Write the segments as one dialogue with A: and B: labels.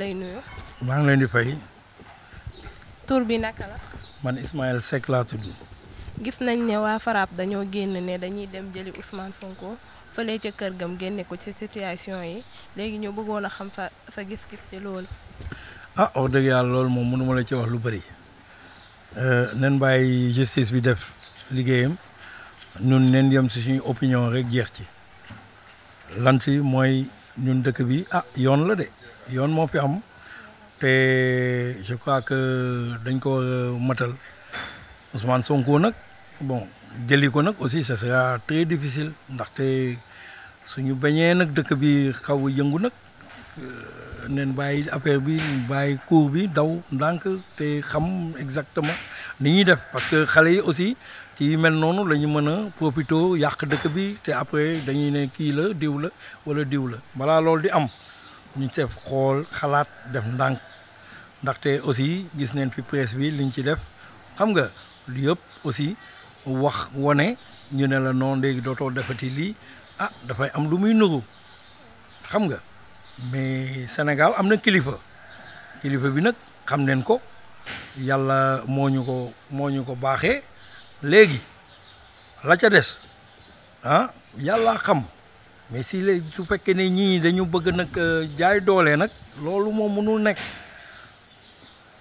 A: lay nuyu. maa ngi leen di fay. tur bi naka la. man Ismaël Seck gis nañ ne waa FRAPP dañoo génn ne dañuy dem jëli Ousmane Sonko fële ca kër gam génne ko ci situation yi léegi ñoo bëggoon a xam sa sa gis-gis ci loolu. ah wax dëgg yàlla loolu moom mënuma la ci wax lu bëri. Euh, nen bàyyi justice bi def liggéeyam ñun nen yem si suñu opinion rek jeex ci. lan mooy. ñun dëkk bi ah yoon la de yoon moo fi am te je crois que dañ ko euh, matal Ousmane Sonko nag bon jëli ko nag aussi ce sera très difficile ndaxte suñu bañee nag dëkk bi xaw a yëngu nag euh, neen bàyyi affaire bi bàyyi cours bi daw ndànk te xam exactement ni ñuy def parce que xale yi aussi ci mel noonu la ñu mën a profito yàq dëkk bi te après dañuy ne kii la diw la wala diw la balaa loolu di am ñu seef xool xalaat def ndànk ndaxte aussi gis neen fi presse bi liñ ci def xam nga lu yëpp aussi wax wone ñu ne la noon léegi dootoo defati lii ah dafay am lu muy nuru xam nga mais Sénégal am na kilifa kilifa bi nag xam neen ko yàlla moo ñu ko moo ñu ko baaxee léegi la ca des ah yàlla xam mais si léegi su fekkee ne ñii dañu bëgg nag euh, jaay doole nag loolu moom mënul nekk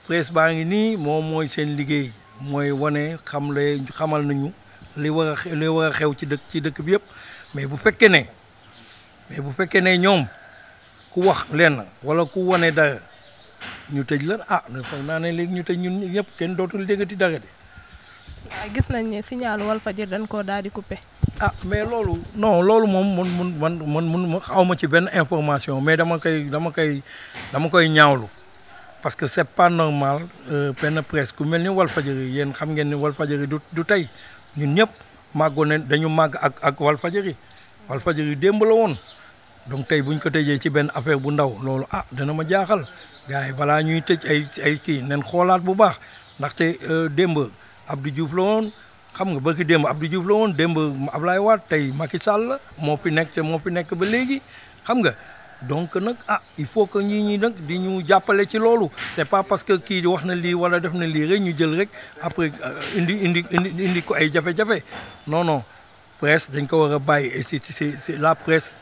A: presse baa ngi nii moom mooy seen liggéey mooy wane xam le xamal nañu li war a xew ci dëkk ci dëkk bi yëpp mais bu fekkee ne mais bu fekkee ne ñoom ku wax lenn wala ku wane da ñu tëj lan ah foog naa ne léegi ñu tëj ñun ñëpp kenn dootul déggati dagade. waaw gis nañ ne signal Walfadjri dañ koo daal di coupé. ah mais loolu non loolu moom mun mun man man mun xaw ma ci benn information mais dama koy dama koy dama koy ñaawlu parce que c'est pas normal euh, benn presse ku mel ni Walfadjri yéen xam ngeen ni Walfadjri du du tey ñun ñëpp màggoon nañ dañu màgg ak ak Walfadjri Walfadjri démb la woon. donc tay buñ ko tejé ci ben affaire bu ndaw lolu ah dana ma jaaxal gaay bala ñuy tej ay ay ki nen xolaat bu baax ndax tay euh, demb abdou diouf la won xam nga bëgg demb abdou diouf la won demb ablay wat tay macky sall mo fi nek te mo fi nek ba légui xam nga donc nak ah il faut que ñi ñi nak di ñu jappalé ci lolu c'est pas parce que ki di wax na li wala def na li rek ñu jël rek après euh, indi indi indi ko ay jafé jafé non non presse dañ ko wara bay et c'est c'est la presse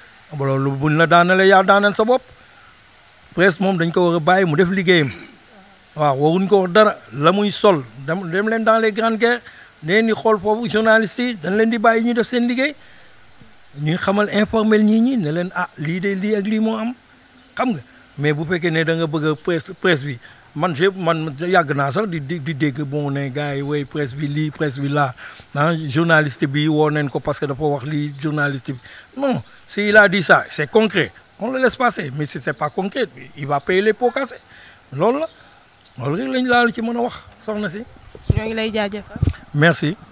A: loolu buñ la daanale yaa daanal sa bopp presse moom dañ ko war a bàyyi mu def liggéeyam waaw waruñ ko wax dara la muy sol dem dem leen dans les grandes guerres leen di xool foofu journalistes yi dañ leen di bàyyi ñu def seen liggéey ñuy xamal informel ñii ñi ne leen ah lii de lii ak lii moo am xam nga mais bu fekkee ne da nga bëgg a presse presse bi man je man yàgg naa sax di di dégg bon ne gars yi way presse bi lii presse bi laa ah journaliste bi woo nañ ko parce que dafa wax lii journaliste bi non si il a dit ça c'est concret on le laisse passer mais si c'est pas concret il va payer les pots cassés loolu la loolu rek lañ laal ci mën a wax soxna si. ñoo ngi lay jaajëfal. merci.